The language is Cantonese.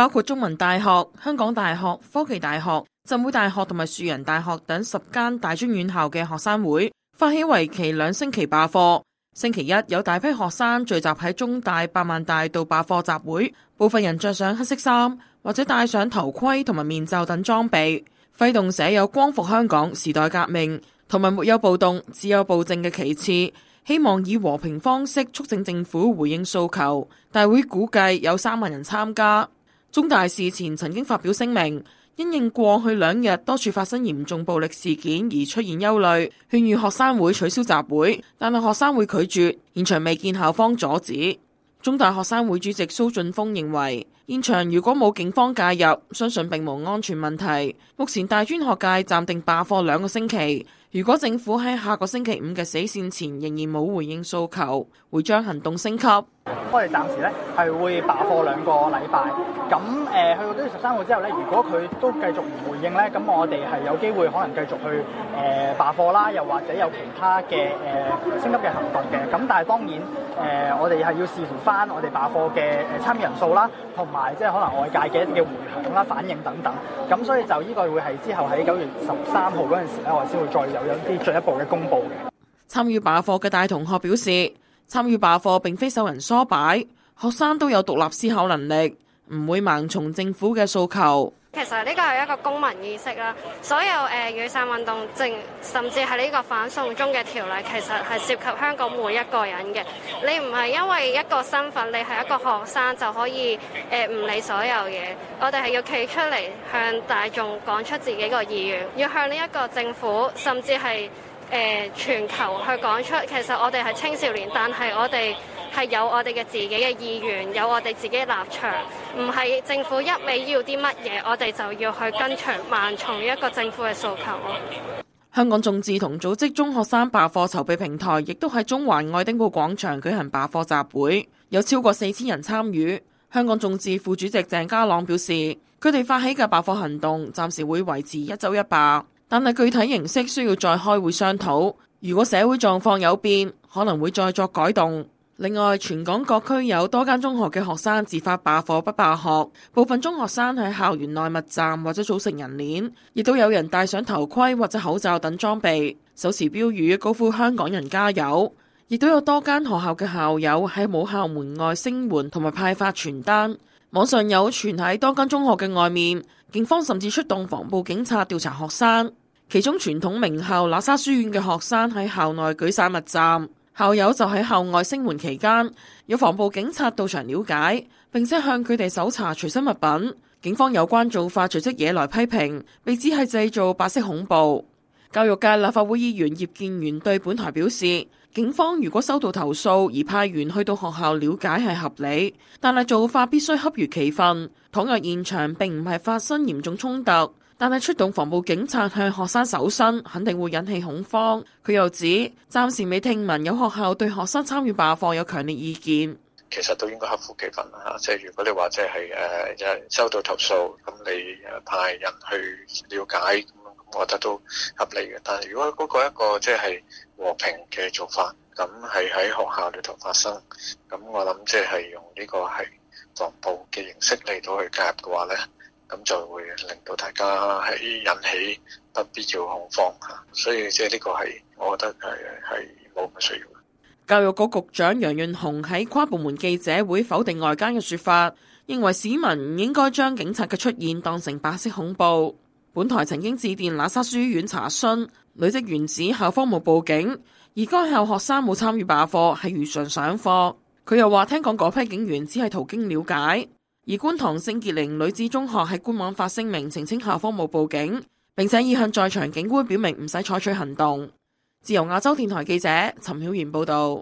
包括中文大學、香港大學、科技大學、浸會大學同埋樹仁大學等十間大專院校嘅學生會發起為期兩星期罷課。星期一有大批學生聚集喺中大百萬大道罷課集會，部分人着上黑色衫或者戴上頭盔同埋面罩等裝備，揮動寫有“光復香港”、“時代革命”同埋“沒有暴動，只有暴政”嘅旗幟，希望以和平方式促請政府回應訴求。大會估計有三萬人參加。中大事前曾經發表聲明，因應過去兩日多處發生嚴重暴力事件而出現憂慮，勸喻學生會取消集會，但係學生會拒絕，現場未見校方阻止。中大學生會主席蘇俊峰認為，現場如果冇警方介入，相信並無安全問題。目前大專學界暫定罷課兩個星期，如果政府喺下個星期五嘅死線前仍然冇回應訴求，會將行動升級。我哋暫時咧係會罷課兩個禮拜，咁誒去到九月十三號之後咧，如果佢都繼續唔回應咧，咁我哋係有機會可能繼續去誒、呃、罷課啦，又或者有其他嘅誒、呃、升級嘅行動嘅。咁但係當然誒、呃、我哋係要視乎翻我哋罷課嘅參與人數啦，同埋即係可能外界嘅一啲嘅回響啦、反應等等。咁所以就呢個會係之後喺九月十三號嗰陣時咧，我哋先會再有有啲進一步嘅公布嘅。參與罷課嘅大同學表示。參與罷課並非受人唆擺，學生都有獨立思考能力，唔會盲從政府嘅訴求。其實呢個係一個公民意識啦。所有誒雨傘運動，政甚至係呢個反送中嘅條例，其實係涉及香港每一個人嘅。你唔係因為一個身份，你係一個學生就可以誒唔理所有嘢。我哋係要企出嚟向大眾講出自己個意願，要向呢一個政府，甚至係。誒、呃，全球去講出，其實我哋係青少年，但係我哋係有我哋嘅自己嘅意願，有我哋自己嘅立場，唔係政府一味要啲乜嘢，我哋就要去跟隨盲從一個政府嘅訴求。香港眾志同組織中學生罷課籌備平台，亦都喺中環愛丁堡廣場舉行罷課集會，有超過四千人參與。香港眾志副主席鄭家朗表示，佢哋發起嘅罷課行動暫時會維持一周一罷。但係具體形式需要再開會商討。如果社會狀況有變，可能會再作改動。另外，全港各區有多間中學嘅學生自發罷課不罷學，部分中學生喺校園內默站或者組成人鏈，亦都有人戴上頭盔或者口罩等裝備，手持標語高呼“香港人加油”。亦都有多間學校嘅校友喺母校門外聲援，同埋派發傳單。網上有傳喺多間中學嘅外面，警方甚至出動防暴警察調查學生。其中傳統名校喇沙書院嘅學生喺校內舉晒物站，校友就喺校外聲援，期間有防暴警察到場了解，並且向佢哋搜查隨身物品。警方有關做法隨即惹來批評，被指係製造白色恐怖。教育界立法會議員葉建源對本台表示，警方如果收到投訴而派員去到學校了解係合理，但係做法必須恰如其分，倘若現場並唔係發生嚴重衝突。但係出動防暴警察向學生搜身，肯定會引起恐慌。佢又指，暫時未聽聞有學校對學生參與罷課有強烈意見。其實都應該克服其分。啦，即、就、係、是、如果你話即係誒，啊、人收到投訴咁你誒派人去了解，咁我覺得都合理嘅。但係如果嗰個一個即係和平嘅做法，咁係喺學校裏頭發生，咁我諗即係用呢個係防暴嘅形式嚟到去介入嘅話咧。咁就會令到大家係引起不必要恐慌嚇，所以即係呢個係我覺得係係冇乜需要。教育局局長楊潤雄喺跨部門記者會否定外間嘅説法，認為市民唔應該將警察嘅出現當成白色恐怖。本台曾經致電喇沙書院查詢，女職員指校方冇報警，而該校學生冇參與罷課，係如常上，上課。佢又話聽講嗰批警員只係途經了解。而觀塘聖潔靈女子中學喺官網發聲明澄清校方冇報警，並且已向在場警官表明唔使採取行動。自由亞洲電台記者陳曉賢報導。